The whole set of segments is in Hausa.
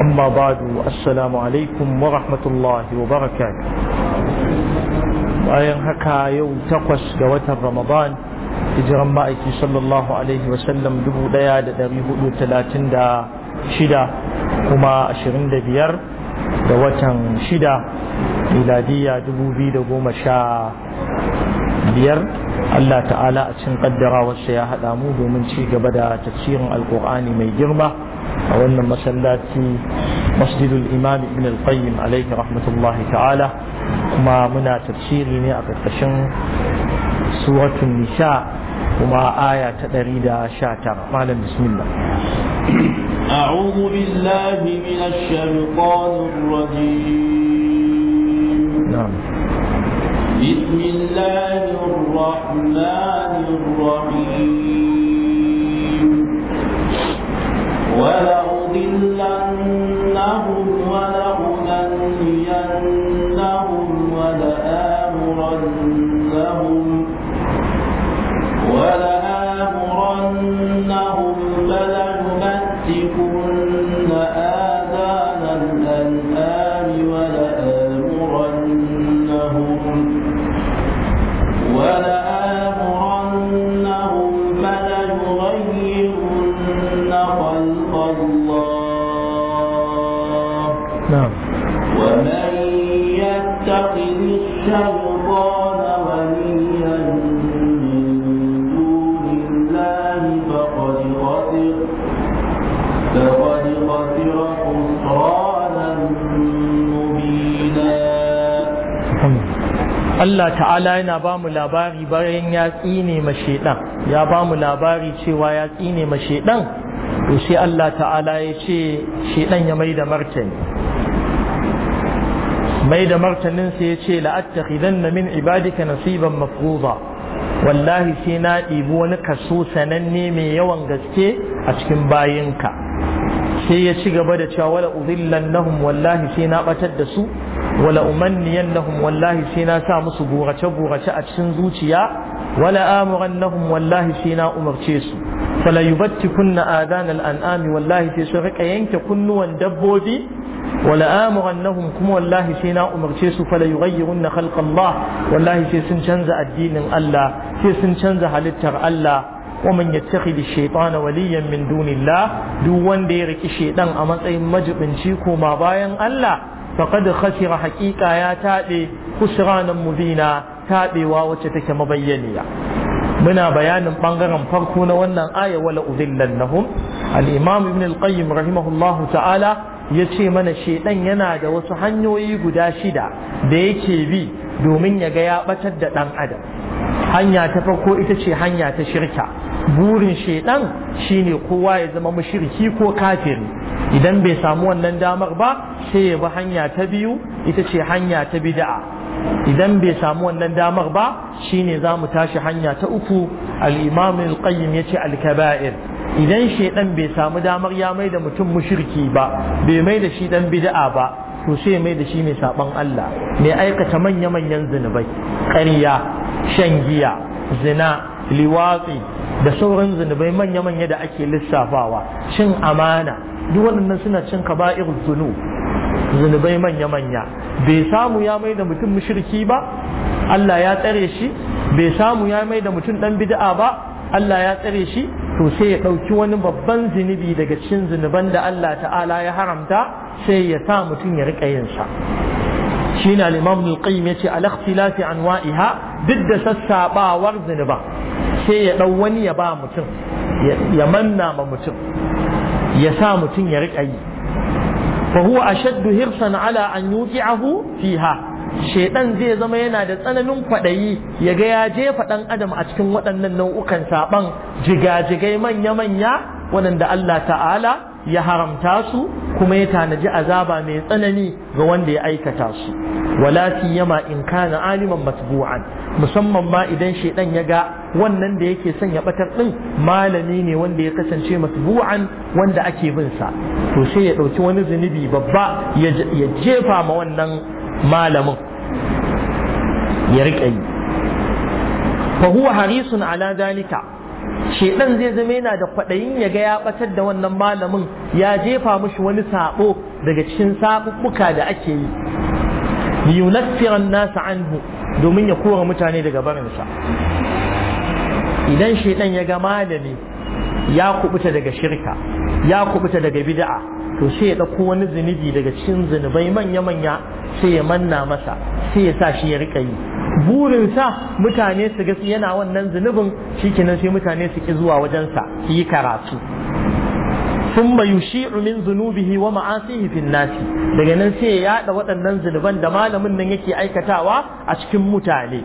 أما بعد السلام عليكم ورحمة الله وبركاته bayan haka yau takwas ga watan ramadan hijiran ma'aiki sallallahu alaihi wasallam dubu daya da dari hudu talatin da shida kuma ashirin da biyar da watan shida miladiya dubu biyu da goma sha biyar Allah ta'ala a cin wasu ya haɗa mu domin ci gaba da tafsirin alkur'ani mai girma a wannan masallaci masjidul imam ibn al-qayyim alaihi rahmatullahi ta'ala kuma muna tafsiri ne a karkashin suratun nisa kuma aya ta 119 malam bismillah أعوذ بالله من الشيطان الرجيم نعم بسم الله الرحمن الرحيم ولأضلنهم Allah ta'ala yana ba mu labari bayan ya tsine ma shaidan ya ba mu labari cewa ya tsine ma shaidan to sai Allah ta'ala ya ce shaidan ya mai da martani mai da martanin sai ya ce la'attakhidanna min ibadika nasiban mafruza wallahi sai na ɗibi wani kaso sananne mai yawan gaske a cikin bayinka sai ya ci gaba da cewa wala udhillannahum wallahi sai na batar da su wala umanniyannahum wallahi sai na sa musu gurace gurace a cikin zuciya wala amurannahum wallahi sai na umarce su fala yubattikunna adanal an'ami wallahi sai su rika yanke kunnuwan dabbobi wala amurannahum kuma wallahi sai na umarce su fala yughayyirunna khalqa wallahi sai sun canza addinin Allah sai sun canza halittar Allah ومن يتخذ الشيطان وليا من دون الله دو وان دي ركي شيطان اما تسين مجبن شيكو ما باين الله faqad khasira haqiqa ya tabe khusranan mubina taɓewa wacce take mabayyaniya muna bayanin bangaren farko na wannan aya wala udillannahum al-imam ibn al-qayyim rahimahullahu ta'ala ya ce mana shedan yana da wasu hanyoyi guda shida da yake bi domin ya ga ya batar da dan adam hanya ta farko ita ce hanya ta shirka burin shaidan shine kowa ya zama mushriki ko kafiri idan bai samu wannan damar ba sai ya bi hanya ta biyu ita ce hanya ta bid'a idan bai samu wannan damar ba shine za mu tashi hanya ta uku al-imam al-qayyim yace al-kaba'ir idan shaidan bai samu damar ya mai da mutum mushriki ba bai mai da shi dan bid'a ba to sai mai da shi mai saban Allah mai aikata manya-manyan zunubai ƙarya shan giya zina liwatsi da sauran zunubai manya-manya da ake lissafawa cin amana duk waɗannan suna cin ka kaba'ir zunu zunubai manya-manya bai samu ya mai da mutum mushriki ba Allah ya tsare shi bai samu ya mai da mutum ɗan bid'a ba Allah ya tsare shi to sai ya ɗauki wani babban zunubi daga cikin zunuban da Allah ta'ala ya haramta sai ya sa mutum ya riƙa yin sa shine al-imam al-qayyim yace al-ikhtilafi anwa'iha duk da sassaɓawar zunuba sai ya ɗau wani ya ba mutum ya manna ma mutum ya sa mutum ya riƙa yi fa huwa shaddu hirsan ala an yuqi'ahu fiha shedan zai zama yana da tsananin kwaɗayi ya ga ya jefa ɗan adam a cikin waɗannan nau'ukan saɓan jigajigai manya-manya waɗanda Allah ta'ala ya haramta su kuma ya tanaji azaba mai tsanani ga wanda ya aikata su wala yama in kana aliman matbu'an musamman ma idan shaidan ya ga wannan da yake son ya batar din malami ne wanda ya kasance matbu'an wanda ake bin sa to sai ya dauki wani zunubi babba ya jefa ma wannan malamin ya rike yi fa huwa harisun ala dalika shedan zai zama yana da kwaɗayin ya ga ya batar da wannan malamin ya jefa mushi wani sabo daga cikin sabubbuka da ake yi yunaffiran nasu anhu domin ya kora mutane daga barinsa idan shaidan ya ga malami ya kubuta daga shirka ya kubuta daga bida'a to sai ya ɗauko wani zunubi daga cikin zunubai manya-manya sai ya manna masa sai ya sa shi ya rika yi burinsa mutane su ga yana wannan zunubin shikenan sai mutane su ki zuwa wajensa su yi karatu ثم يشيع من ذنوبه ومعاصيه في الناس daga nan sai ya yada waɗannan zunuban da malamin nan yake aikatawa a cikin mutane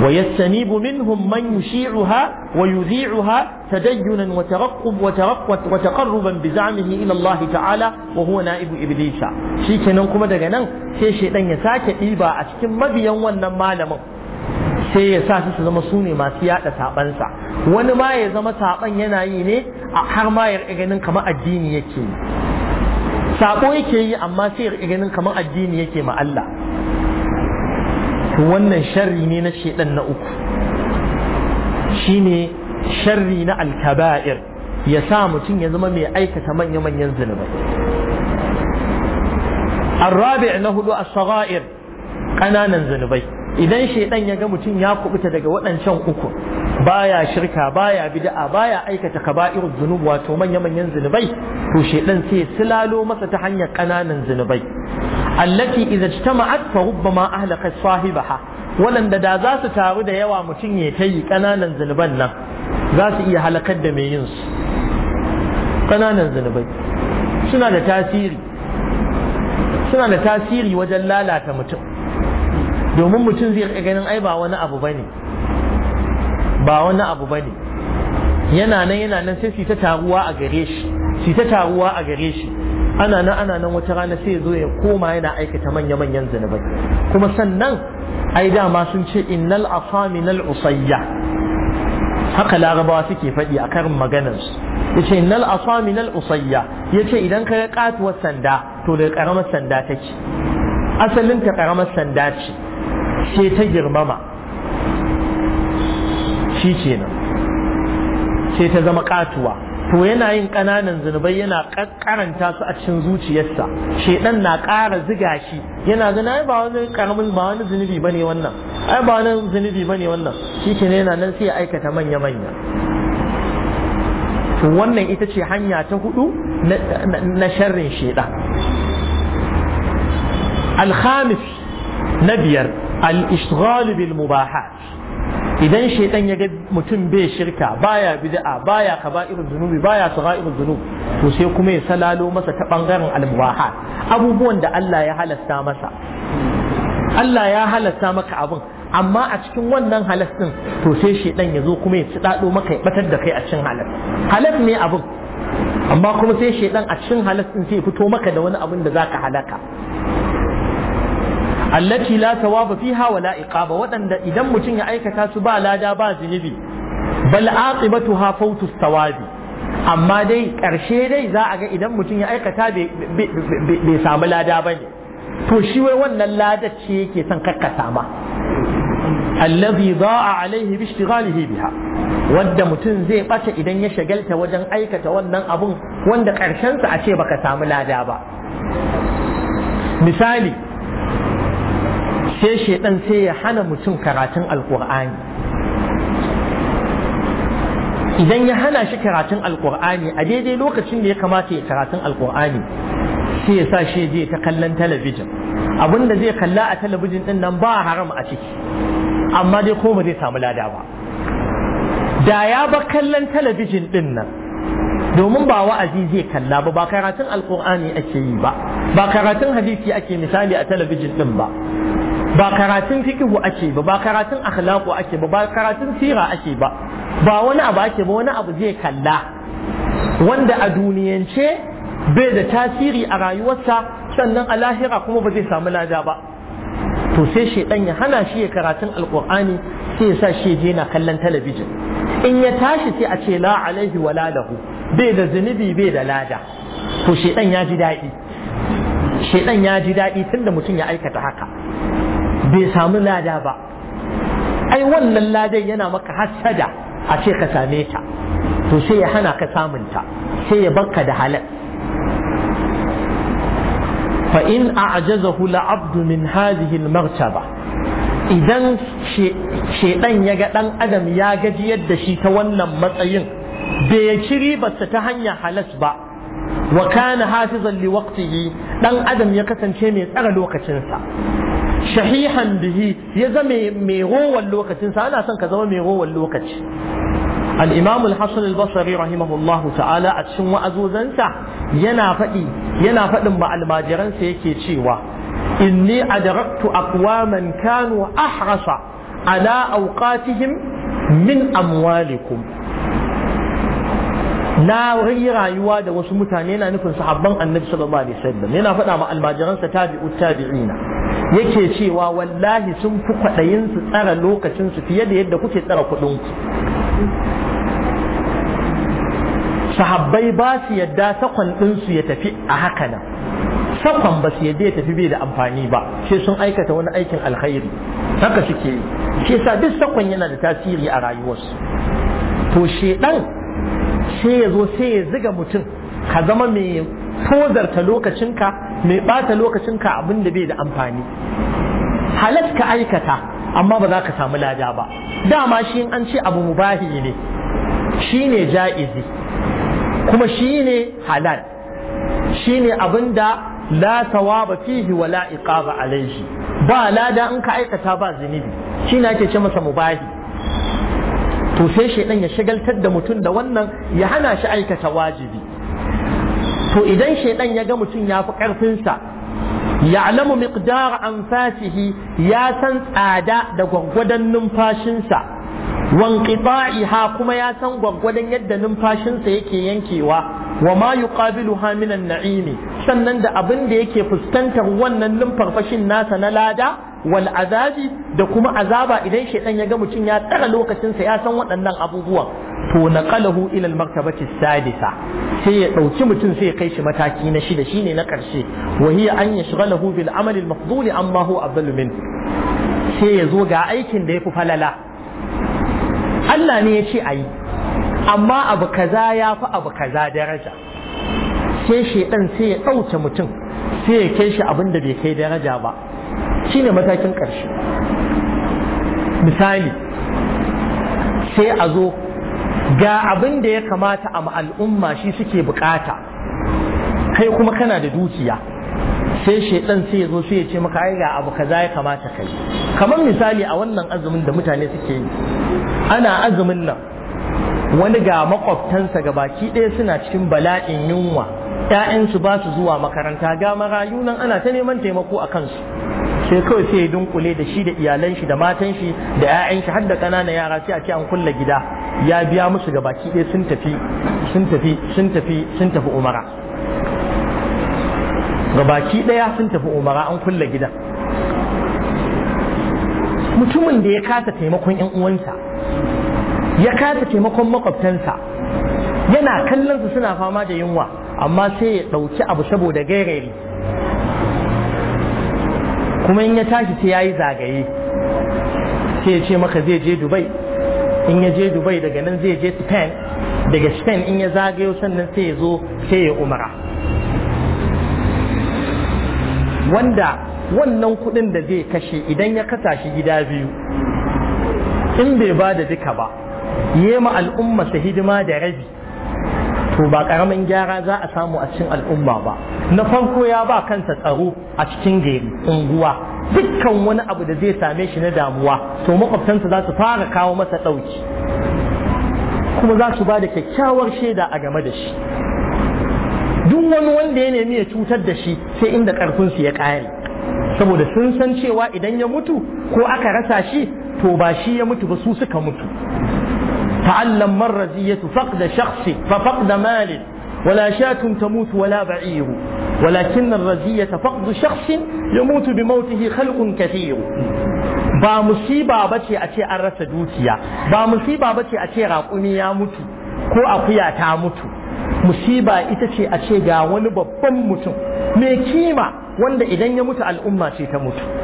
wa yastanibu minhum man yushi'uha wa yudhi'uha tadayyunan wa taraqqub wa taraqqat wa taqarruban bi za'mihi ila Allah ta'ala wa huwa na'ibu Shi shikenan kuma daga nan sai shedan ya sake diba a cikin mabiyan wannan malamin sai ya sa su su zama su ne masu yada sabansa wani ma ya zama saban yana yi ne a har ma ya ganin kamar addini yake yi sabo yake yi amma sai ya ganin kamar addini yake ma Allah wannan sharri ne na shedan na uku shine sharri na alkaba'ir ya sa mutum ya zama mai aikata manya-manyan zunubai الرابع na hudu الصغائر ƙananan zunubai idan shaidan ya ga mutum ya kubuta daga waɗancan uku baya shirka baya bid'a baya aikata kaba'irul zunub wato manya manyan zunubai to shaidan sai silalo masa ta hanyar ƙananan zunubai allati idza ijtama'at fa rubbama ahlaqat sahibaha waɗanda da za su taru da yawa mutum ya ta yi ƙananan zunuban nan za su iya halakar da mai yin su ƙananan zunubai suna da tasiri suna da tasiri wajen lalata mutum domin mutum zai ganin ai ba wani abu bane ba wani abu bane yana nan yana nan sai ta taruwa a gare shi su ta taruwa a gare shi ana nan ana nan wata rana sai ya zo ya koma yana aikata manya-manyan zanubai kuma sannan ai dama sun ce innal afaminal usayya haka larabawa suke faɗi a karin maganarsu ya ce innal afaminal usayya ya ce idan ka ga katuwar sanda to da karamar sanda take asalin ta karamar sanda ce sai ta girmama shi nan sai ta zama katuwa to yana yin ƙananan zunubai yana karanta su a cikin zuciyarsa shedan na ƙara ziga shi yana zina ba wani karamin ba wani zunubi bane wannan ai ba wani zunubi bane wannan ne yana nan sai ya aikata manya manya to wannan ita ce hanya ta hudu na sharrin shedan alhamis na biyar al-ishghal bil mubahat idan shaitan ya ga mutum bai shirka baya bid'a baya kaba'irul zunubi baya sagha'irul zunub to sai kuma ya salalo masa ta ɓangaren al-mubahat abubuwan da Allah ya halasta masa Allah ya halasta maka abin amma a cikin wannan halastin to sai shaitan ya zo kuma ya ci dado maka ya batar da kai a cikin halas halas ne abin amma kuma sai shaitan a cikin halastin sai ya fito maka da wani abin da zaka halaka allati la tawaba fiha wa la'ika iqaba waɗanda idan mutum ya aikata su ba lada ba zunubi bal aqibatuha fawtu sawabi amma dai ƙarshe dai za a ga idan mutum ya aikata bai samu lada ba ne to shi wai wannan ladar ce yake son kakkasa ma allazi za'a alaihi bi biha wadda mutum zai bata idan ya shagalta wajen aikata wannan abun wanda karshen sa a ce baka samu lada ba misali sai shaidan sai ya hana mutum karatun alkur'ani idan ya hana shi karatun alkur'ani a daidai lokacin da ya kamata ya karatun alkur'ani sai ya sa shi je ta kallon talabijin abinda zai kalla a talabijin din nan ba haram a ciki amma dai ko ba zai samu lada ba da ya ba kallon talabijin din nan domin ba wa'azi zai kalla ba ba karatun alkur'ani ake yi ba ba karatun hadisi ake misali a talabijin din ba ba karatun fikihu ake ba ba karatun akhlaqu ake ba ba karatun sira ake ba ba wani abu ake ba wani abu zai kalla wanda a duniyance bai da tasiri a rayuwarsa sannan a lahira kuma ba zai samu lada ba to sai shedan ya hana shi ya karatun alqur'ani sai ya sa shi je na kallon talabijin in ya tashi sai a ce la alaihi wala lahu bai da zunubi bai da lada to shedan ya ji daɗi shedan ya ji daɗi tunda mutum ya aikata haka bai samu lada ba ai wannan ladan yana maka hassada a ce ka same ta to sai ya hana ka ta sai ya barka da halal fa in a'jazahu la'abdu min hadhihi al-martaba idan shedan ya ga dan adam ya gaji yadda shi ta wannan matsayin bai ci ribarsa ta hanyar halas ba wa kana hafizan li waqtihi dan adam ya kasance mai tsara lokacinsa shahihan bihi ya zama mai rowan lokacinsa. ana son ka zama mai rowan lokaci al-imam al-hasan al ta'ala a cikin wa'azozansa yana faɗi yana faɗin ba almajiransa yake cewa inni adraktu aqwaman kanu ahrasa ala awqatihim min amwalikum na yi rayuwa da wasu mutane yana nufin sahabban annabi sallallahu alaihi wasallam yana faɗa ma almajiransa tabi'u tabi'ina yake cewa wallahi sun fi kwaɗayin su tsara lokacin su fiye da yadda kuke tsara kuɗin ku sahabbai ba su yadda sakon ɗinsu ya tafi a haka nan sakon ba su yadda ya tafi bai da amfani ba sai sun aikata wani aikin alkhairi haka suke yi shi yasa duk sakon yana da tasiri a rayuwarsu to shedan sai ya zo sai ya ziga mutum ka zama mai tozarta lokacinka mai ɓata lokacinka abin da bai da amfani halas ka aikata amma ba za ka samu lada ba dama shi an ce abu mubahi ne shi ne ja'izi kuma shi ne halal shi ne abin da la tawaba fihi wa la iqaba alaihi ba lada in ka aikata ba zunubi shi ne ake ce masa mubahi to sai shaidan ya shagaltar da mutum da wannan ya hana shi aikata wajibi to idan shaidan ya ga mutum ya fi ƙarfinsa alamu miqdar anfasihi ya san tsada da gwaggwadon numfashinsa ha kuma ya san gwaggwadon yadda numfashinsa yake yankewa wa ma yuqabiluha minan na'imi sannan da abin da yake fuskantar wannan numfarfashin nasa na lada wal azabi da kuma azaba idan shaitan ya ga mutum ya tsara lokacinsa ya san waɗannan abubuwan to naqalahu ila al-martabati sadisa sai ya dauki mutum sai ya kai shi mataki na shida shine na karshe wa hiya an yashghalahu bil amali al-mafdul amma hu afdalu min sai ya zo ga aikin da yafi falala Allah ne ya ce ayi amma abu kaza ya fi abu kaza daraja sai shedan sai ya ɗauke mutum sai ya kai shi abin da bai kai daraja ba shine matakin ƙarshe misali sai a zo ga abin da ya kamata a al'umma shi suke bukata kai kuma kana da dukiya sai shaidan sai ya zo sai ya ce maka ai ga abu kaza ya kamata kai kamar misali a wannan azumin da mutane suke yi ana azumin nan wani ga makwabtansa ga baki ɗaya suna cikin bala'in yunwa ‘ya'yansu ba su zuwa makaranta ga marayu nan ana ta neman taimako a kansu sai kawai sai ya dunkule da shi da iyalan shi da matan shi da 'ya'yan shi har da ƙananan yara sai a ce an kulle gida ya biya musu ga baki ɗaya sun tafi sun tafi sun tafi sun tafi umara ga baki ɗaya sun tafi umara an kulle gidan mutumin da ya kasa taimakon ƴan uwansa ya kasa taimakon makwabtansa yana kallon su suna fama da yunwa amma sai ya ɗauki abu saboda gairayi kuma in ya tashi sai ya yi zagaye sai ya ce maka zai je dubai in ya je dubai daga nan zai je spain daga spain in ya zagayo sannan sai ya zo sai ya umara wanda wannan kudin da zai kashe idan ya kasa shi gida biyu in bai ba da duka ba yema al'umma hidima da rabi to ba karamin gyara za a samu a cikin al'umma ba na farko ya ba kansa tsaro a cikin gari unguwa dukkan wani abu da zai same shi na damuwa to makwabtansa za su fara kawo masa ɗauki kuma za su ba da kyakkyawar shaida a game da shi duk wani wanda ya nemi ya cutar da shi sai inda ƙarfinsu ya ƙare saboda sun san cewa idan ya mutu ko aka rasa shi to ba shi ya mutu ba su suka mutu تعلم مرة زية فقد شخص ففقد مال ولا شاة تموت ولا بعير ولكن الرزية فقد شخص يموت بموته خلق كثير با مصيبة بتي أتي أرس دوتيا با مصيبة بتي أتي غاقوني يا متو كو أقيا تاموتو مصيبة إتتي أتي غاوان ببم متو ميكيما وند إذن يموت الأمة تموتو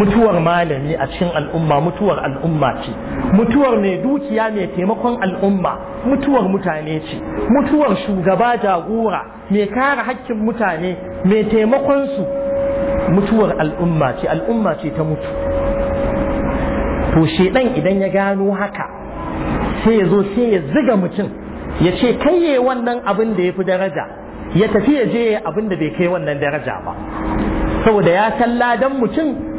mutuwar malami a cikin al'umma mutuwar al'umma ce mutuwar mai dukiya mai taimakon al'umma mutuwar mutane ce mutuwar shugaba jagora mai kare hakkin mutane mai taimakon su mutuwar al'umma ce al'umma ce ta mutu to shedan idan ya gano haka sai ya zo sai ya ziga mutum ya ce kaiye wannan abin da ya fi daraja ya tafi ya je abin da bai kai wannan daraja ba saboda ya san dan mutum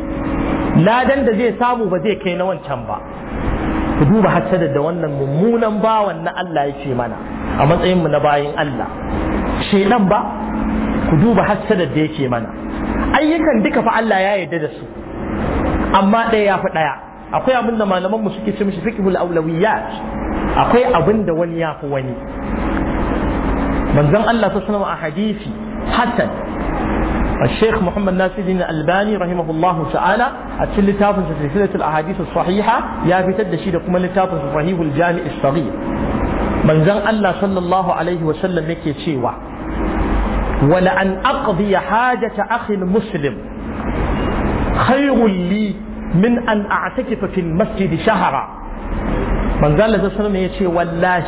ladan da zai samu ba zai kai na wancan ba ku duba hassada da wannan mummunan bawan na Allah ce mana a matsayinmu na bayin Allah shedan ba ku duba hassada da yake mana ayyukan duka fa Allah ya yarda da su amma ɗaya ya fi ɗaya akwai abin da malamanmu suke ce mishi fiqhul awlawiyat akwai abin da wani ya fi wani manzon Allah sallallahu alaihi wasallam a hadisi hasan الشيخ محمد ناصر الدين الألباني رحمه الله تعالى أتشل لتافن سلسلة الأحاديث الصحيحة يا في تدشي لكم لتافن صحيح الجامع الصغير من زن الله صلى الله عليه وسلم يكي تشيوى ولأن أقضي حاجة أخي المسلم خير لي من أن أعتكف في المسجد شهرا من زن الله صلى الله عليه وسلم والله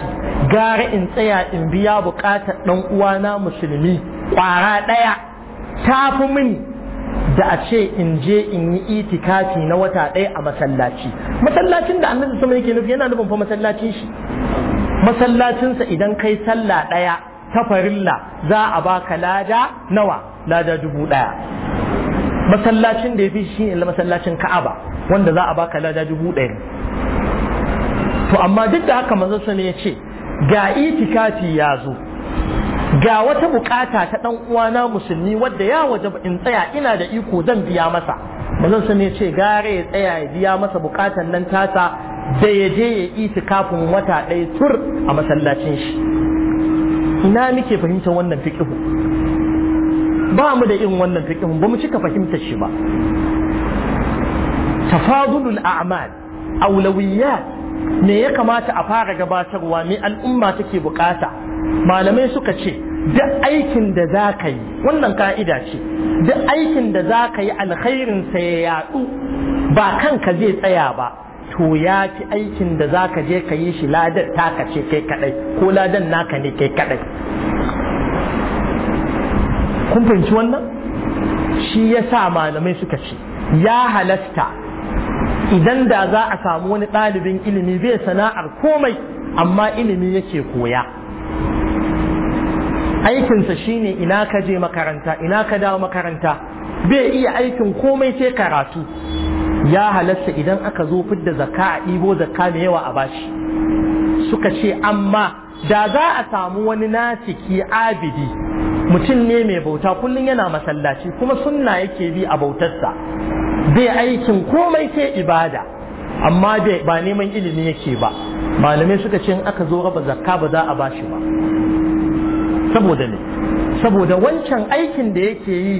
gara in tsaya in biya bukatar ɗan uwana musulmi ƙwara ɗaya ta fi mini da a ce in je in yi itikafi na wata ɗaya a masallaci masallacin da annabi sama yake nufi yana nufin fa masallacin shi masallacinsa idan kai sallah ɗaya ta farilla za a baka lada nawa lada dubu ɗaya masallacin da ya fi shi ne masallacin ka'aba wanda za a baka lada dubu ɗaya to amma duk da haka manzo ne ya ce ga itikafi ya zo ga wata bukata ta dan uwana musulmi wadda ya waje in tsaya ina da iko zan biya masa bazan san ne ce gare ya tsaya ya biya masa bukatan nan tata da ya je ya iti kafin wata ɗaya tur a masallacin shi ina muke fahimtar wannan fiqihu ba mu da irin wannan fiqihun ba mu cika fahimtar shi ba tafadulul a'mal aulawiyat me ya kamata a fara gabatarwa me al'umma take bukata malamai suka ce duk aikin da za ka yi wannan ka'ida ce duk aikin da za ka yi alkhairin sa ya yadu ba kanka zai tsaya ba to ya fi aikin da za ka je ka yi shi ladar taka ce kai kadai ko ladan naka ne kai kadai kun fahimci wannan shi ya sa malamai suka ce ya halasta idan da za a samu wani ɗalibin ilimi bai sana'ar komai amma ilimi yake koya aikinsa shine ina ka je makaranta ina ka dawo makaranta bai iya aikin komai sai karatu ya halatta idan aka zo fidda zakka a ɗibo zakka mai yawa a bashi suka ce amma da za a samu wani nasiki abidi mutum ne mai bauta kullum yana masallaci kuma sunna yake bi a bautarsa bai aikin komai sai ibada amma ba neman ilimi yake ba malamai suka ce in aka zo raba zakka ba za a bashi ba saboda ne saboda wancan aikin da yake yi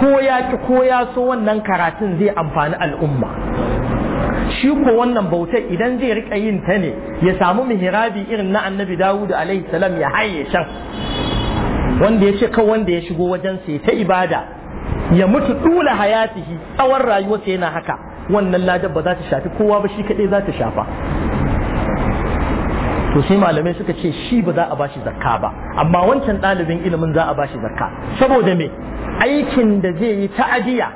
ko ya ki ko ya so wannan karatun zai amfani al'umma shi ko wannan bautar idan zai rika yin ta ne ya samu mihrabi irin na annabi dawud alaihi salam ya haye shan wanda ya ce kan wanda ya shigo wajen sai ta ibada ya mutu dula hayatihi tsawon rayuwarsa yana haka wannan ladar ba za ta shafi kowa ba shi kadai za ta shafa to sai malamai suka ce shi ba za a bashi zakka ba amma wancan ɗalibin ilimin za a ba shi zakka saboda me aikin da zai yi ta'adiya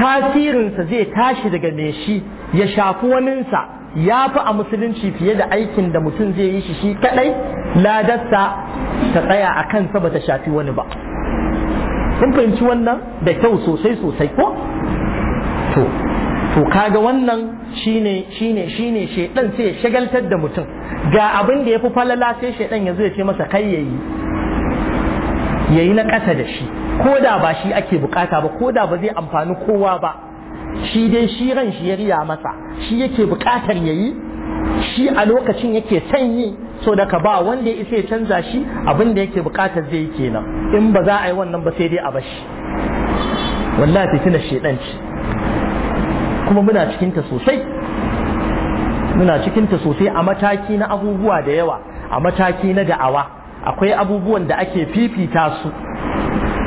tasirinsa zai tashi daga me shi ya shafi waninsa ya fi a musulunci fiye da aikin da mutum zai yi shi shi kadai ladarsa ta tsaya a kansa ba ta shafi wani ba kun fahimci wannan da kyau sosai sosai ko to to kaga wannan shine shine shine shedan sai ya shagaltar da mutum ga abin da ya fi falala sai shaidan ya ya ce masa kai yayi yayi na ƙasa da shi ko da ba shi ake bukata ba ko da ba zai amfani kowa ba shi dai shi ran shi ya riya masa shi yake bukatar yayi shi a lokacin yake son yi so daga ba wanda ya isa ya canza shi abin da yake bukatar zai yi kenan in ba za a yi wannan ba sai dai a bashi wallahi fitinar shedan ci kuma muna cikinta sosai muna cikinta sosai a mataki na abubuwa da yawa a mataki na da'awa akwai abubuwan da ake fifita su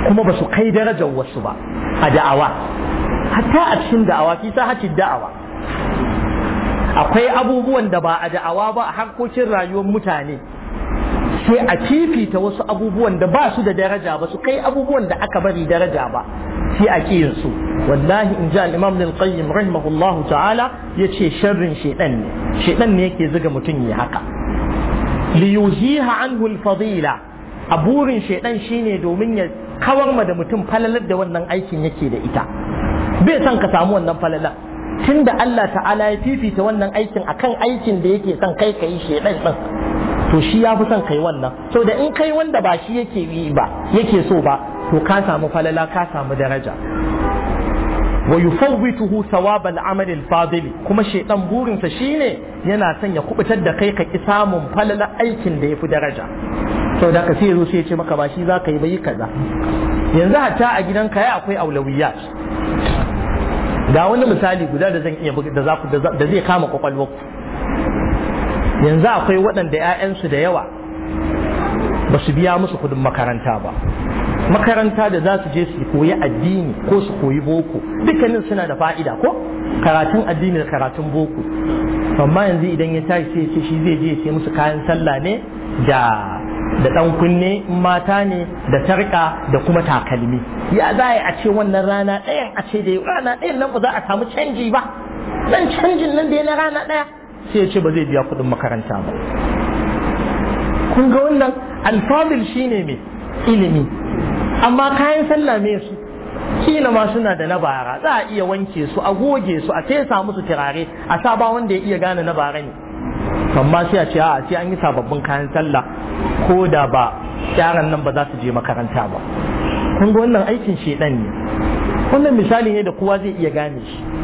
kuma ba su kai darajar wasu ba a da'awa hatta a cikin da'awa kisa hacin da'awa akwai abubuwan da ba a da'awa ba a harkokin rayuwar mutane sai a fifita wasu abubuwan da ba su da daraja ba su kai abubuwan da aka bari daraja ba sai a kiyin su wallahi in ji al-imam lil qayyim rahimahullah ta'ala yace sharrin shedan ne shedan ne yake zuga mutum ya haka li yuziha anhu al-fadila a burin shedan shine domin ya kawar ma da mutum falalar da wannan aikin yake da ita bai son ka samu wannan falalar tunda Allah ta'ala ya fifita wannan aikin akan aikin da yake son kai kai shedan din to shi ya fi son kai wannan so da in kai wanda ba shi yake yi ba yake so ba to ka samu falala ka samu daraja wa yufawwituhu thawabal amali al-fadil kuma shaytan burinsa shine yana son ya kubutar da kai ka ki samun falala aikin da yafi daraja sau da ka sai zo sai ya ce maka ba shi za ka yi bai yi kaza yanzu hatta a gidan ya akwai aulawiyat ga wani misali guda da zan iya da da zai kama kwakwalwarku yanzu akwai waɗanda 'ya'yansu da yawa ba su biya musu kudin makaranta ba makaranta da za su je su koyi addini ko su koyi boko dukkanin suna da fa'ida ko karatun addini da karatun boko amma yanzu idan ya tashi sai ce shi zai je sai musu kayan sallah ne da da dan kunne mata ne da tarka da kuma takalmi ya za a ce wannan rana ɗayan a ce da rana ɗayan nan ba za a samu canji ba dan canjin nan da na rana ɗaya sai ya ce ba zai biya kuɗin makaranta ba kun ga wannan shine mai ilimi amma kayan sallah me su kila ma suna da nabara za a iya wanke su a goge su a tesa musu turare a sa ba wanda ya iya gane nabara ne amma sai a ce a sai an yi sababbin kayan sallah ko da ba yaran nan ba za su je makaranta ba kun wannan aikin shedan ne wannan misali ne da kowa zai iya gane shi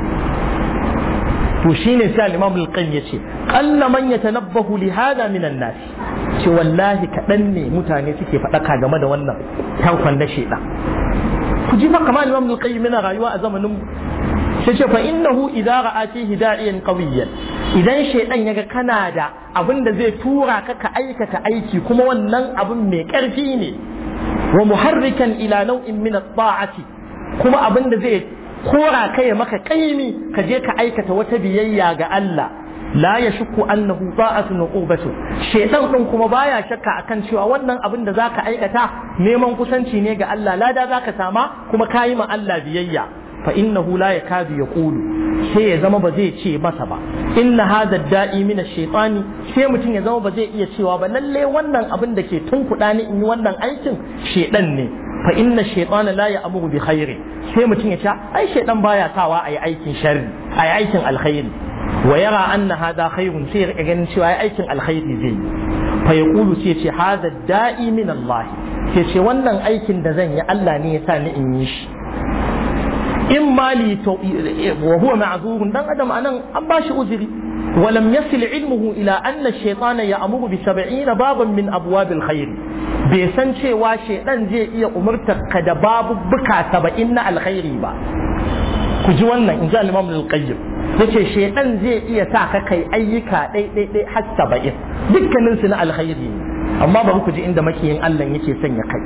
to shine sai al-imam al-qayyim yace qalla man yatanabbahu li hada min an-nas ce wallahi kadan ne mutane suke fadaka game da wannan tankon da shedan ku ji fa kamar al-imam al-qayyim yana rayuwa a zamanin mu sai ce fa innahu idza ra'a fihi da'iyan qawiyyan idan shedan yaga kana da abin da zai tura ka ka aikata aiki kuma wannan abin mai karfi ne wa muharrikan ila nau'in min at-ta'ati kuma abin da zai kora kai ya maka kaimi ka je ka aikata wata biyayya ga Allah la ya shukku annahu ta'atun nuqubatu shaytan din kuma baya shakka akan cewa wannan abin da zaka aikata neman kusanci ne ga Allah lada zaka sama kuma kayi ma Allah biyayya fa innahu la yakadu yaqulu sai ya zama ba zai ce masa ba inna hadha da'i min ash-shaytani sai mutum ya zama ba zai iya cewa ba lalle wannan abin da ke tunkuɗa ni in yi wannan aikin shaytan ne fa inna shaytana la ya'muru bi khairi sai mutum ya ce ai shaytan baya sawa ayi aikin sharri ayi aikin alkhairi wa yara anna hada khairun sai ya ganin cewa ai aikin alkhairi zai fa yaqulu sai ce hada da'i min Allah sai ce wannan aikin da zan yi Allah ne ya sa ni in yi shi in mali wa huwa ma'zurun dan adam anan an bashi uzuri yasil ilmuhu ila anna أن الشيطان يأمر بسبعين baban min أبواب khairi bai san cewa shedan zai iya umurtar ka da babu buka saba'in na alkhairi ba ku ji wannan in ji al-imam Ya ce yace zai iya sa ka kai ayyuka dai dai har saba'in dukkanin su na alkhairi amma bari ku ji inda makiyin Allah yake sanya kai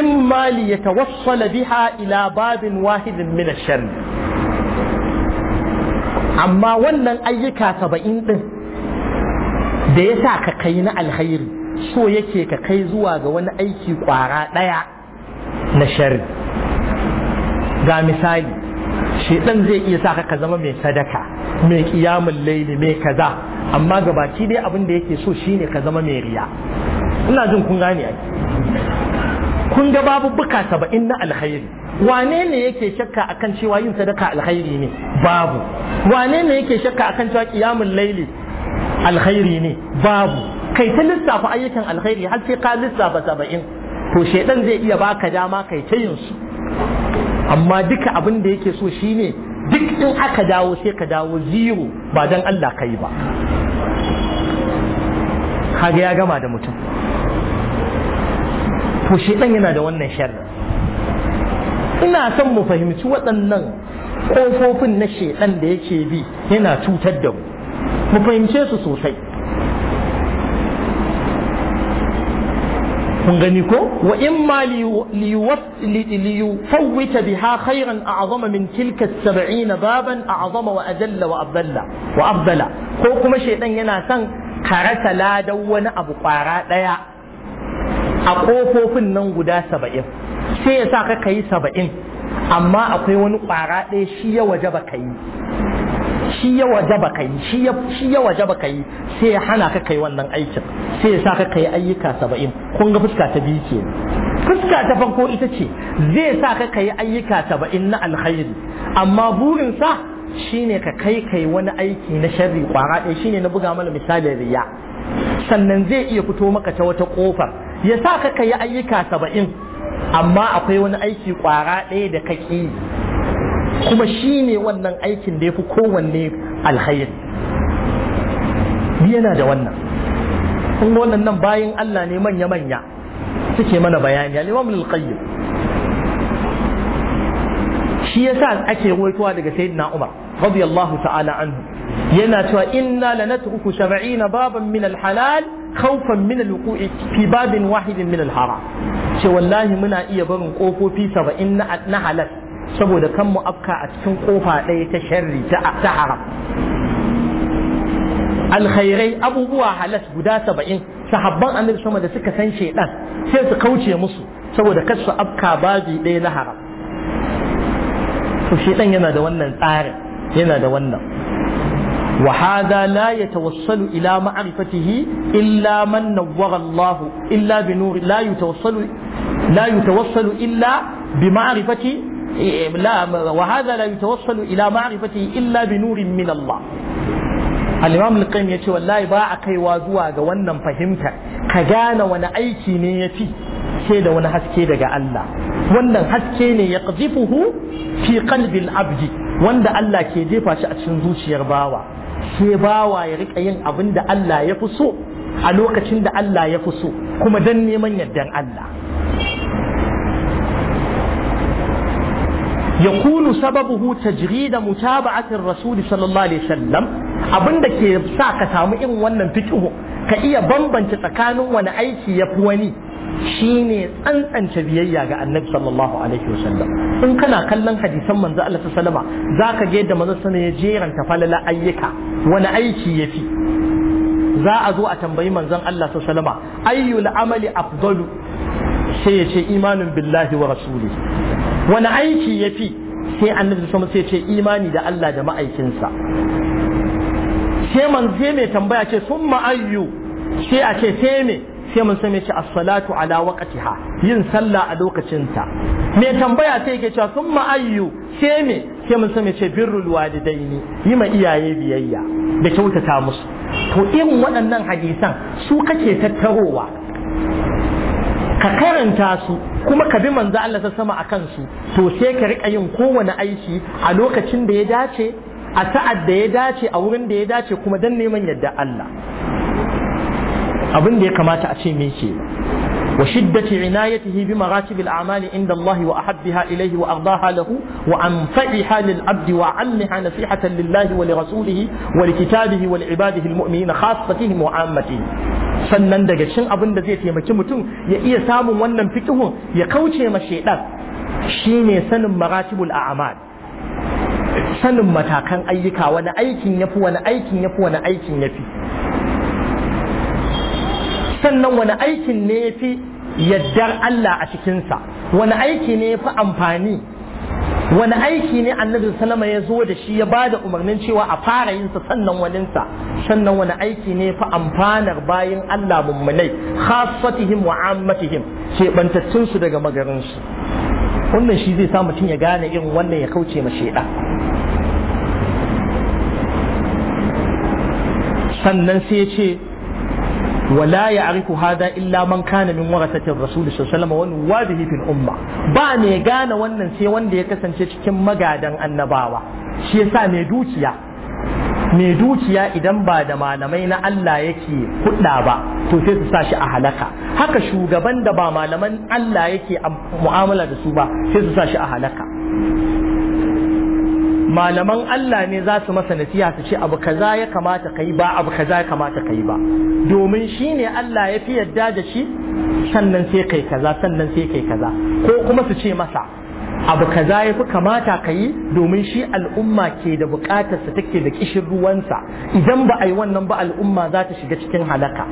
in ma li yatawassala biha ila babin wahidin min ash amma wannan ayyuka saba'in din da ya sa ka kai na alkhairi so yake ka kai zuwa ga wani aiki kwara ɗaya na shari ga misali shedan zai iya sa ka zama mai sadaka mai kiyamun laili mai kaza amma gabaci dai abin da yake so shine ka zama mai riya ina jin kun gane a kun ga babu buka saba'in na alkhairi wane ne yake shakka akan cewa yin sadaka alkhairi ne babu wane ne yake shakka akan cewa kiyamun laili alkhairi ne babu kai ta lissafa ayyukan alkhairi har sai ka lissafa saba'in to shaidan zai iya baka dama kai ta yin su amma duka abin da yake so shine duk in aka dawo sai ka dawo zero ba dan Allah kai ba kaga ya gama da mutum to shaidan yana da wannan sharri ina son mu fahimci waɗannan ƙofofin na shaidan da yake bi yana cutar da mu mu fahimce su sosai kun gani ko wa in ma liyufawwita biha khairan a'zama min tilka 70 baban a'zama wa ajalla wa abdalla wa abdala ko kuma shaidan yana son karasa ladan wani abu kwara daya a kofofin nan guda 70 sai ya sa ka kai 70 amma akwai wani kwara daya shi ya waje ba yi. shi ya waje ka yi shi ya shi ya ka yi sai ya hana ka kai wannan aikin sai ya sa ka kai ayyuka saba'in kun ga fuska ta biyu ke fuska ta farko ita ce zai sa ka kai ayyuka saba'in na alkhairi amma burinsa sa shine ka kai kai wani aiki na sharri kwara ɗaya shine na buga mana misali riya sannan zai iya fito maka ta wata kofar ya sa ka kai ayyuka saba'in amma akwai wani aiki kwara ɗaya da kake kuma shi ne wannan aikin da ya fi kowanne alkhairi yana da wannan kun wannan nan bayan Allah ne manya-manya suke mana bayani al-imam al-qayyim shi yasa ake ruwaitowa daga sayyidina Umar radiyallahu ta'ala anhu yana cewa inna lanatruku 70 baban min al-halal khawfan min al-wuqu'i fi babin wahidin min al-haram ce wallahi muna iya barin kofofi 70 na halal saboda kan mu a cikin kofa ɗaya ta sharri ta haram alkhairai abubuwa halas guda saba'in sahabban annabi sama da suka san shaidan sai su kauce musu saboda kar su afka babi ɗaya na haram to shaidan yana da wannan tsarin yana da wannan وهذا لا يتوصل إلى معرفته إلا من نور الله إلا بنور لا يتوصل لا يتوصل إلا بمعرفة لا وهذا لا يتوصل إلى معرفته إلا بنور من الله الإمام القيم يقول والله باع كي وازوا جوانا فهمت كجانا وانا أيكي نيتي كيدا وانا هسكي دقا الله وانا هسكي ني يقذفه في قلب العبد وانا الله كي ديفا شأتشن زوشي يرباوا كي باوا يريك أين أبن دا الله يفسو a lokacin da Allah ya fi so kuma dan neman yardan Allah yakunu sababuhu tajrida mutaba'atir rasul sallallahu alaihi abin abinda ke sa ka samu irin wannan fiqhu ka iya bambance tsakanin wani aiki yafi wani shine tsantsance biyayya ga annabi sallallahu alaihi wasallam in kana kallon hadisan manzo Allah sallama zaka ga yadda manzo sallallahu ya jeranta falala ayyuka wani aiki yafi za a zo a tambayi manzon Allah sallama ayyul amali afdalu sai ya ce imanin billahi wa rasuli wani aiki ya fi sai annabi sama sai ce imani da Allah da ma'aikinsa sai manzo mai tambaya ce sun ma'ayyu sai a ce sai sai mun san ce as-salatu ala waqtiha yin sallah a lokacinta me tambaya sai yake cewa sun ma'ayyu sai me sai mun san ce birrul walidaini yi ma iyaye biyayya da kyautata musu to in waɗannan hadisan su kake tattarowa ka karanta su kuma ka bi manzo Allah sama a kansu to sai ka rika yin kowane aiki a lokacin da ya dace a sa'ad da ya dace a wurin da ya dace kuma dan neman yadda Allah abin da ya kamata a ce me ke وشدة عنايته بمراتب الأعمال عند الله وأحبها إليه وأرضاها له وأنفعها للعبد وأعمها نصيحة لله ولرسوله ولكتابه ولعباده المؤمنين خاصتهم وعامتهم sannan daga cikin abin da zai taimaki mutum ya iya samun wannan fikihun ya kauce ma shaidan shine sanin maratibul a'mal sanin matakan ayyuka wani aikin yafi wani aikin yafi wani aikin yafi sannan wani aikin ne ya fi yaddar Allah a cikinsa wani aiki ne fi amfani wani aiki ne annabi sallama ya zo da shi ya ba da umarnin cewa a fara yinsa sannan waninsa sannan wani aiki ne fa amfanar bayin Allah mummunai khassatihim wa ammatihim ce bantattun su daga magarinsu su wannan shi zai sa mutum ya gane irin wannan ya kauce ma sheda sannan sai ya ce ولا يعرف هذا إلا من كان من ورثة الرسول صلى الله عليه وسلم ونواده في الأمة با مي غانا wannan sai wanda ya kasance cikin magadan annabawa shi yasa mai dukiya mai dukiya idan ba da malamai na Allah yake kuɗa ba to sai su sa a halaka haka shugaban da ba malaman Allah yake mu'amala da su ba sai su sa shi a halaka malaman Allah ne za su masa nasiha su ce abu kaza ya kamata ka yi ba abu kaza ya kamata ka yi ba domin shi ne Allah ya fi yadda da shi sannan sai kai kaza sannan sai kai kaza ko kuma su ce masa abu kaza ya fi kamata ka yi domin shi al'umma ke da bukatarsa take da kishin ruwansa idan ba a yi wannan ba al'umma za ta shiga cikin halaka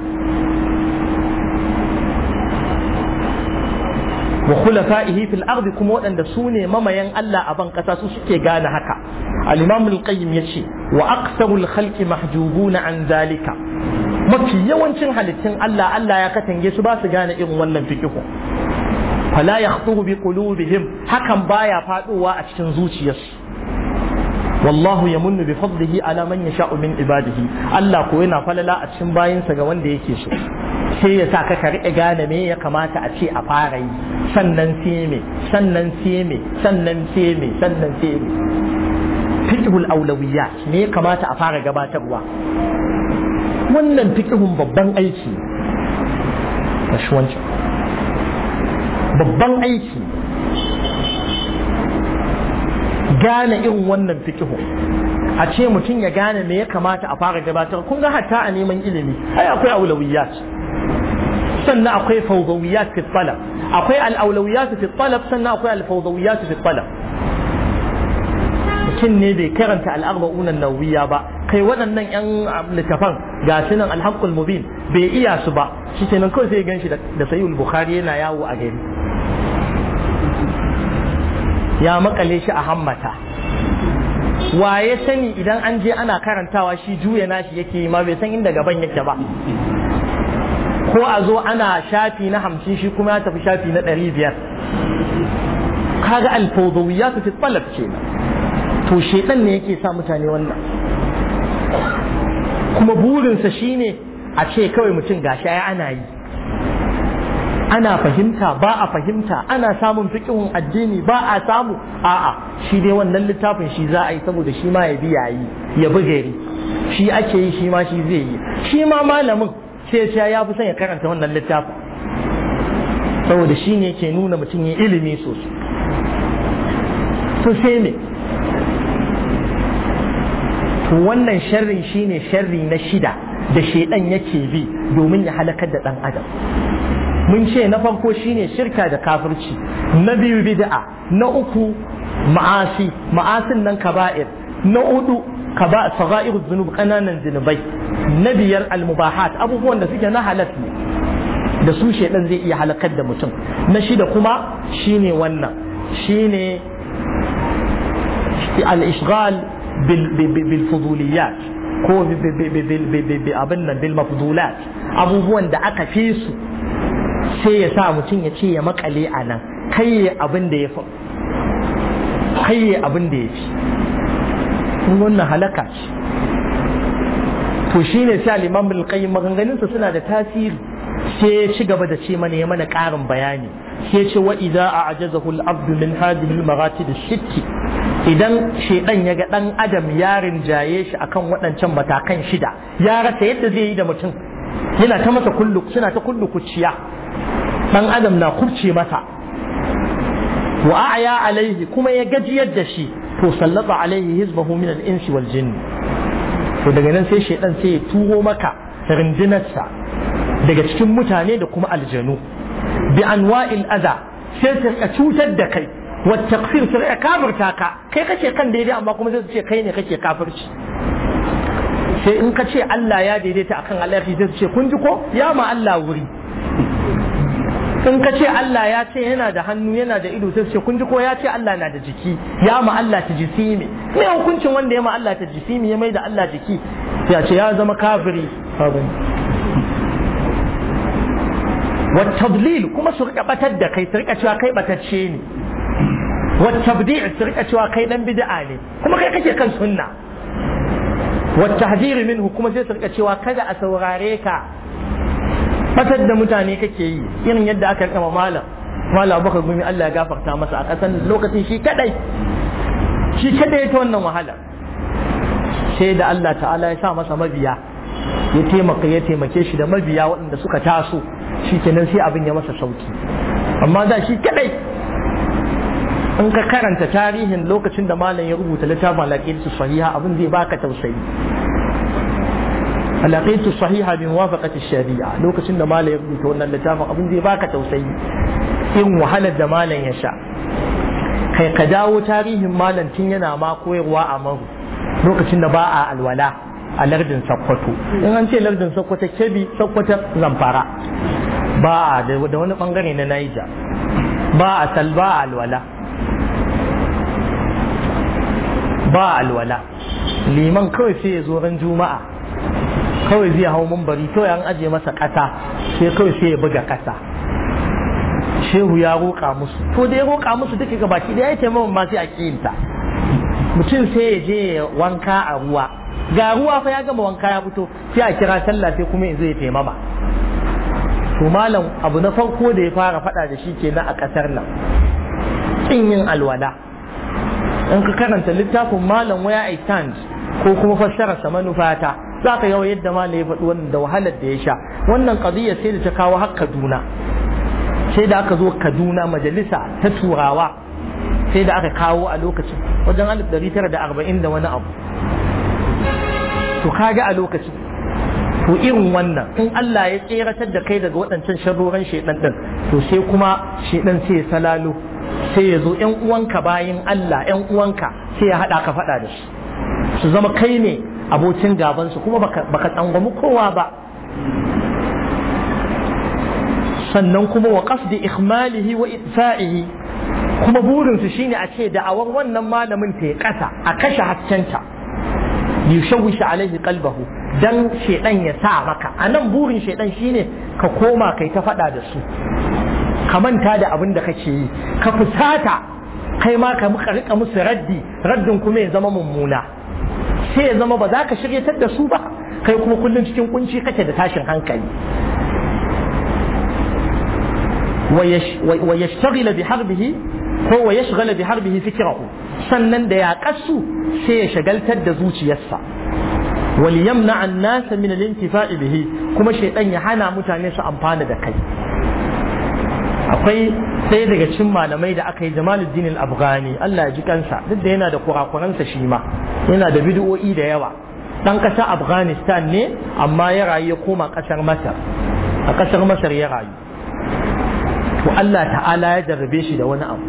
wa khulafa'ihi fil ardi kuma waɗanda su ne mamayan Allah a ban ƙasa su suke gane haka al-imam al-qayyim yace wa aqsarul khalqi mahjubuna an zalika mafi yawancin halittun Allah Allah ya katange su ba su gane irin wannan fikihu fala yakhturu bi qulubihim hakan baya faduwa a cikin zuciyarsu wallahu ya munnu bi fadlihi ala man yasha'u min ibadihi Allah ko yana falala a cikin bayinsa ga wanda yake so sai ya sa ka riƙe gane me ya kamata a ce a fara yi sannan sai me sannan sai me sannan sai me sannan sai me fiqhul aulawiyya me ya kamata a fara gabatarwa wannan fiqhun babban aiki kashuwanci babban aiki gane irin wannan fikihu a ce mutum ya gane me ya kamata a fara gabatar kun ga hatta a neman ilimi ai akwai aulawiyat sannan akwai fawdawiyat fi talab akwai al-awlawiyat fi talab sannan akwai al-fawdawiyat fi talab mutum ne bai karanta al'arba unan nawiya ba kai waɗannan yan um, littafan shi nan al-haqqul mubin bai iya su ba nan kawai sai ganshi da sayyid bukhari yana yawo a gari ya makale shi a hammata waye sani idan an je ana karantawa shi juya nashi yake ma bai san inda gaban yake ba ko a zo ana shafi na hamsin shi kuma ya tafi shafi na ɗari biyar kaga alfawdawiyya ya fi tsalaf ce to shaidan ne yake sa mutane wannan kuma burinsa shine a ce kawai mutum gashi ya ana yi ana fahimta ba a fahimta ana samun fiƙin addini ba a samu a'a shi dai wannan littafin shi za a yi saboda shi ma ya bi yayi ya bi shi ake yi shi ma shi zai yi shi ma malamin sai ya ya fi son ya karanta wannan littafin saboda shi ne ke nuna mutum ya ilimi sosai to sai wannan sharrin shi ne sharri na shida da shaidan yake bi domin ya halakar da ɗan adam mun ce na farko shine shirka da kafirci na biyu bida'a na uku ma'asi ma'asin nan kaba'ir na hudu kaba sagha'iruz zunub kananan zunubai na biyar almubahat abubuwan da suke na ne da su shedan zai iya halakar da mutum na shida kuma shine wannan shine al-ishghal bil fuduliyat ko abin nan bil mafdulat abubuwan da aka fi su sai ya sa mutum ya ce ya makale a nan kai abin da ya fi kai abin da ya fi cikin wannan halaka ce to shi sai al-imam al suna da tasiri sai ya ci gaba da ce mana ya mana ƙarin bayani sai ce wa idza ajaza al-abdu min hadhihi al da shitti idan shedan ya ga ɗan adam ya rinjaye shi akan waɗancan matakan shida ya rasa yadda zai yi da mutum yana ta masa kullu suna ta kullu kuciya dan adam na kurce masa wa a'ya alaihi kuma ya gajiyar da shi to sallaba alaihi hizbahu min al-insi wal jinn to daga nan sai shaidan sai ya turo maka rindinarsa daga cikin mutane da kuma aljanu bi anwa'il adha sai ta cutar da kai wa taqsir sai kafirta ka kai kake kan daidai amma kuma sai su ce kai ne kake kafirci sai in ka ce Allah ya daidaita akan Allah sai su ce kun ji ko ya ma Allah wuri in ka ce Allah ya ce yana da hannu yana da ido sai ce kun ji ko ya ce Allah na da jiki ya ma Allah ta jisimi me hukuncin wanda ya ma Allah ta jisimi ya mai da Allah jiki ya ce ya zama kafiri والتضليل كما سرقة بتد كي سرقة شوا كي بتتشيني والتبديع سرقة شوا كي لم بدعاني كما كي كي كان سنة والتحذير منه كما kada a saurare ka? Fasar da mutane kake yi irin yadda aka kama malam malam baka gumi Allah ya gafarta masa a kasan lokacin shi kadai shi kadai ta wannan wahala sai da Allah ta'ala ya sa masa mabiya ya taimaka ya taimake shi da mabiya waɗanda suka taso shi kenan sai abin ya masa sauki amma da shi kadai in ka karanta tarihin lokacin da malam ya rubuta littafin alaƙidu sahiha abin zai baka tausayi sahiha لقيت shari'a lokacin da لو ya ما wannan littafin كون اللتافة أبن زي tausayi in wahala da ما ya sha. kai ka dawo tarihin tun yana ma koyarwa a maru lokacin da ba a alwala a lardin sakkwato in an ce lardin sakkwato kebi sakkwato zamfara ba a da wani bangare na naija ba a salba a alwala ba a alwala liman kawai sai ya zo ran juma'a kawai zai hau mambari kawai an aje masa kasa sai kawai sai ya buga kasa shehu ya roƙa musu to da ya roƙa musu duka ga baki da ya taimaka ma sai a kiyinta mutum sai ya je wanka a ruwa ga ruwa fa ya gama wanka ya fito sai a kira sallah sai kuma zai taimama to malam abu na farko da ya fara faɗa da shi kenan a ƙasar nan kin yin alwala in ka karanta littafin malam waya i stand ko kuma fassara sa manufata za ka yawa yadda ma ya faɗi wannan da wahalar da ya sha wannan ƙaziyar sai da ta kawo har kaduna sai da aka zo kaduna majalisa ta turawa sai da aka kawo a lokacin wajen alif ɗari tara da arba'in da wani abu to ga a lokacin to irin wannan in Allah ya tseratar da kai daga waɗancan sharoran shaidan ɗin to sai kuma shaidan sai ya salalo sai ya zo ‘yan uwanka bayin Allah ‘yan uwanka sai ya haɗa ka faɗa da shi su zama kai ne abokin gabansu kuma baka tsangwami kowa ba sannan kuma wa qasdi ikhmalihi wa itfa'ihi kuma burinsu shine a ce da'awar wannan malamin ta ya kasa a kashe haskenta yushawishi alaihi kalbahu dan shedan ya sa maka anan burin shedan shine ka koma kai ta fada da su ka manta da abin da kake yi ka fusata kai ma ka rika musu raddi raddin kuma ya zama mummuna sai ya zama ba za ka shiryatar da su ba kai kuma kullum cikin kunci kake da tashin hankali wa yashtaghala bi harbihi ko wa yashghala bi harbihi fikrahu sannan da ya kasu sai ya shagaltar da zuciyarsa wal yamna an-nasa min al-intifa'i bihi kuma shaytan ya hana mutane su amfana da kai akwai sai daga cin malamai da aka yi Jamaluddin al-Afghani Allah ya ji kansa duk da yana da kurakuransa shi ma yana da bid'o'i da yawa dan kasar Afghanistan ne amma ya rayu ya koma kasar Masar a kasar Masar ya rayu to Allah ta'ala ya jarrabe shi da wani abu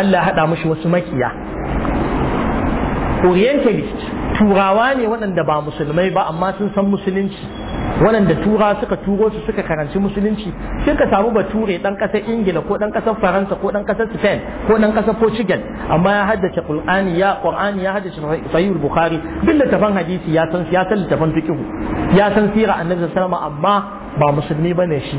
Allah ya haɗa mashi wasu makiya orientalist turawa ne waɗanda ba musulmai ba amma sun san musulunci waɗanda tura suka turo su suka karanci musulunci suka ka samu bature ɗan ƙasar ingila ko ɗan ƙasar faransa ko ɗan ƙasar spain ko ɗan ƙasar portugal amma ya haddace qur'ani ya qur'ani ya haddace sahihul bukhari duk littafan hadisi ya san ya san littafan fiqh ya san sira annabi sallallahu alaihi amma ba musulmi bane shi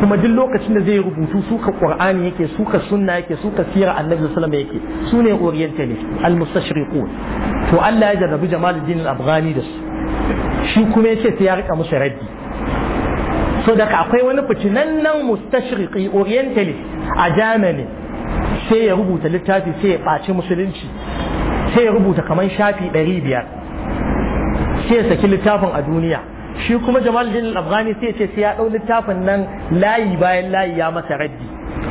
kuma duk lokacin da zai rubutu suka qur'ani yake suka sunna yake suka sira annabi sallallahu alaihi yake su ne orientalist al-mustashriqun to Allah ya jarrabi Jamaluddin al-Afghani da su shi kuma ya ce sai ya rika musu raddi so daga akwai wani fitinannen mustashriqi orientalist a germany sai ya rubuta littafi sai ya ɓaci musulunci sai ya rubuta kamar shafi 500 sai ya saki littafin a duniya shi kuma jamal din afghani sai ce sai ya ɗau littafin nan layi bayan layi ya masa raddi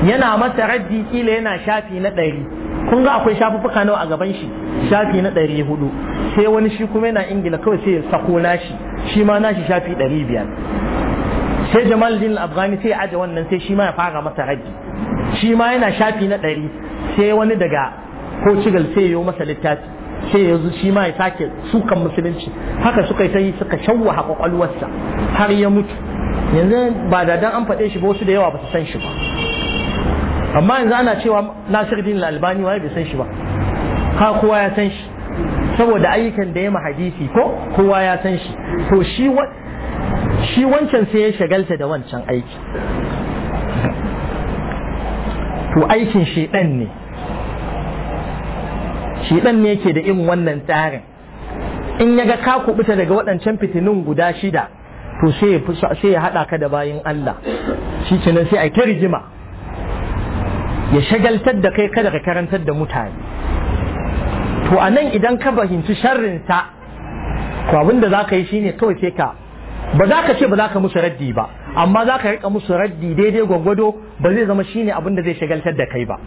yana masa raddi kila yana shafi na ɗari kun ga akwai shafuffuka nawa a gaban shi shafi na ɗari hudu sai wani shi kuma yana ingila kawai sai sako nashi shi ma nashi shafi ɗari biyar sai jamal din afghani sai aje wannan sai shi ma ya fara masa haji shi ma yana shafi na ɗari sai wani daga portugal sai ya yi masa littafi sai ya shi ma ya sake sukan musulunci haka suka yi suka shawwaha kwakwalwarsa har ya mutu yanzu ba da dan an faɗe shi ba wasu da yawa ba su san shi ba amma yanzu ana cewa din albani waye bai san shi ba ka kowa ya san shi saboda ayyukan da ya ma hadisi ko kowa ya san shi to shi shi wancan sai ya shagalta da wancan aiki to aikin shedan ne shedan ne yake da irin wannan tsarin in ya ga ka kubuta daga waɗancan fitinin guda shida to sai ya haɗa ka da bayin Allah shi kenan sai a ta rigima ya shagaltar da kai kada ka karantar da mutane to a nan idan ka fahimci ta to abin da za ka yi shine kawai sai ka ba za ka ce ba za ka musu raddi ba amma za ka rika musu raddi daidai gwagwado ba zai zama shine abin da zai shagaltar da kai ba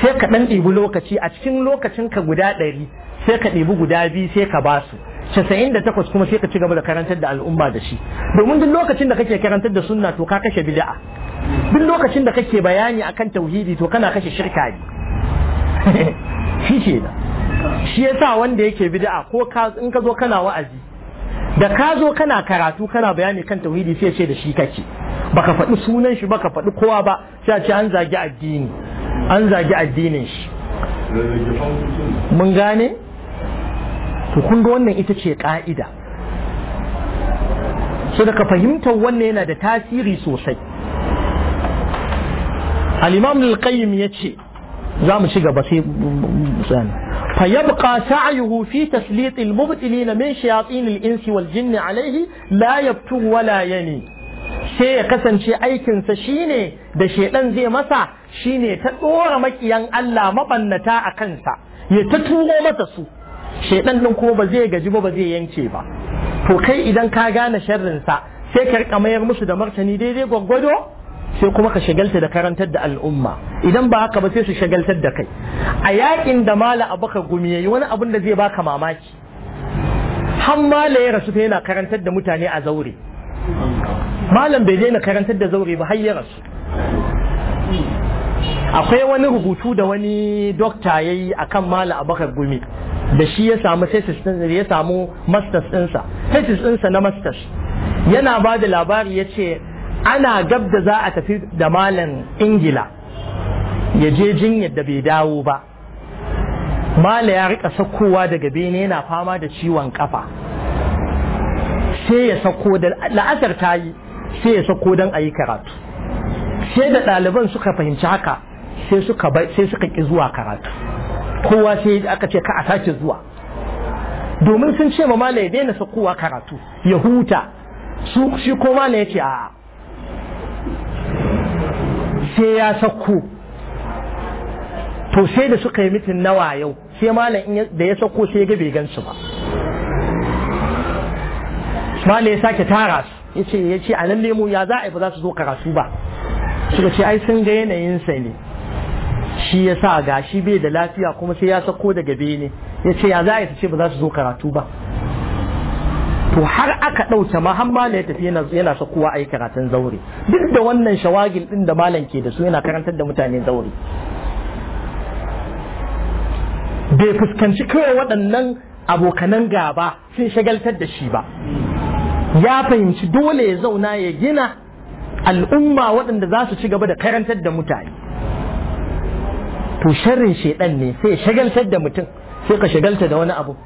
sai ka ɗan ɗibi lokaci a cikin lokacin ka guda ɗari sai ka ɗibi guda biyu sai ka ba su casa'in da takwas kuma sai ka ci gaba da karantar da al'umma da shi domin duk lokacin da kake karantar da sunna to ka kashe bid'a duk lokacin da kake bayani akan tauhidi to kana kashe shirka ne shi ke da shi sa wanda yake bid'a ko in ka zo kana wa'azi da ka zo kana karatu kana bayani kan tauhidi sai ce da shi kake baka faɗi sunan shi baka faɗi kowa ba sai a ce an zagi addini an zagi addinin shi mun gane to kun ga wannan ita ce ka'ida so ka fahimtar wannan yana da tasiri sosai al-imam al-qayyim yace za mu ci gaba sai tsani fa yabqa sa'yuhu fi taslit al-mubtilina min shayatin al-insi wal alaihi alayhi la yabtu wa la yani sai ya kasance aikinsa shine da shedan zai masa shine ta dora makiyan Allah mabannata a kansa ya ta turo masa su shedan din kuma ba zai gaji ba ba zai yanke ba to kai idan ka gane sharrin sa sai ka rika mayar musu da martani daidai gwaggwado sai kuma ka shagalta da karantar da al'umma idan ba haka ba sai su shagaltar da kai a yakin da mala baka gumi yayi wani abun da zai baka mamaki har mala ya rasu yana karantar da mutane a zaure malam bai daina karantar da zaure ba har ya rasu akwai wani rubutu da wani dokta ya yi a kan mala abakar gumi da shi ya samu ya samu masters ɗinsa ɗinsa na masters yana ba da labari ya ce ana gab da za a tafi da malam ingila ya je jinyar da bai dawo ba mala ya rika sakowa daga bene yana fama da ciwon kafa sai ya sako da la'asar ta yi sai ya sako don a yi karatu sai da ɗaliban suka fahimci haka sai suka sai suka ki zuwa karatu kowa sai aka ce ka a sake zuwa domin sun ce ma mala ya daina sakowa karatu ya huta su shi ko mala ya ce a'a sai ya sako to sai da suka yi mitin nawa yau sai malam da ya sauko sai ga bai gansu ba malam ya sake tara su yace yace a nan lemu ya za a ba za su zo karatu ba suka ce ai sun ga yanayinsa ne shi ya sa gashi bai da lafiya kuma sai ya sakko daga bene ya ce ya za a ce ba za su zo karatu ba to har aka ɗauke ma har malam ya tafi yana yana so kowa ayi karatun zaure duk da wannan shawagil ɗin da malam ke da su yana karantar da mutane zaure bai fuskanci kawai waɗannan abokanan gaba sun shagaltar da shi ba ya fahimci dole ya zauna ya gina al'umma waɗanda za su ci gaba da karantar da mutane to sharrin shaidan ne sai shagaltar da mutum sai ka shagalta da wani abu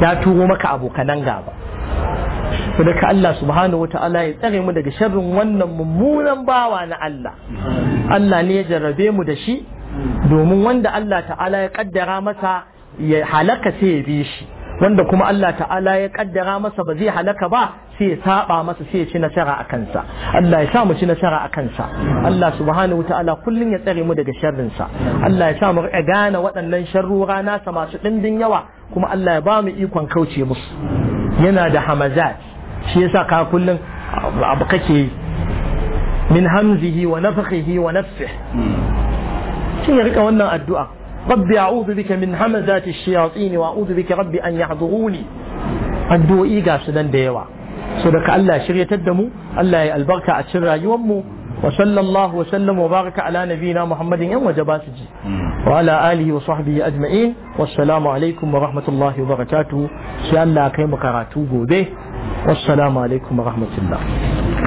ya turo maka abokanan gaba daga Allah subhanahu wata'ala ya tsare mu daga sharrin wannan mummunan bawa na Allah Allah ne ya jarrabe mu da shi domin wanda Allah ta'ala ya kaddara masa ya halaka sai ya bi shi wanda kuma Allah ta'ala ya kaddara masa ba zai halaka ba sai ya saba masa sai ya ci nasara a kansa Allah ya sa mu ci nasara a kansa Allah subhanahu ta'ala kullun ya tsare mu daga sharrin sa Allah ya sa mu gane waɗannan sharrura nasa masu dindin yawa kuma Allah ya ba mu ikon kauce musu yana da hamazat shi yasa ka kullun abu kake min hamzihi wa nafkhihi wa nafsihi shi ya rika wannan addu'a ربي أعوذ بك من همزات الشياطين وأعوذ بك ربي أن يحضروني أن دو إيغا سدن ديوا سدك الله شرية الدمو الله البركة أتشرى يومو وصلى الله وسلم وبارك على نبينا محمد يوم وجبات وعلى آله وصحبه أجمعين والسلام عليكم ورحمة الله وبركاته سأل الله كيم قراتوه والسلام عليكم ورحمة الله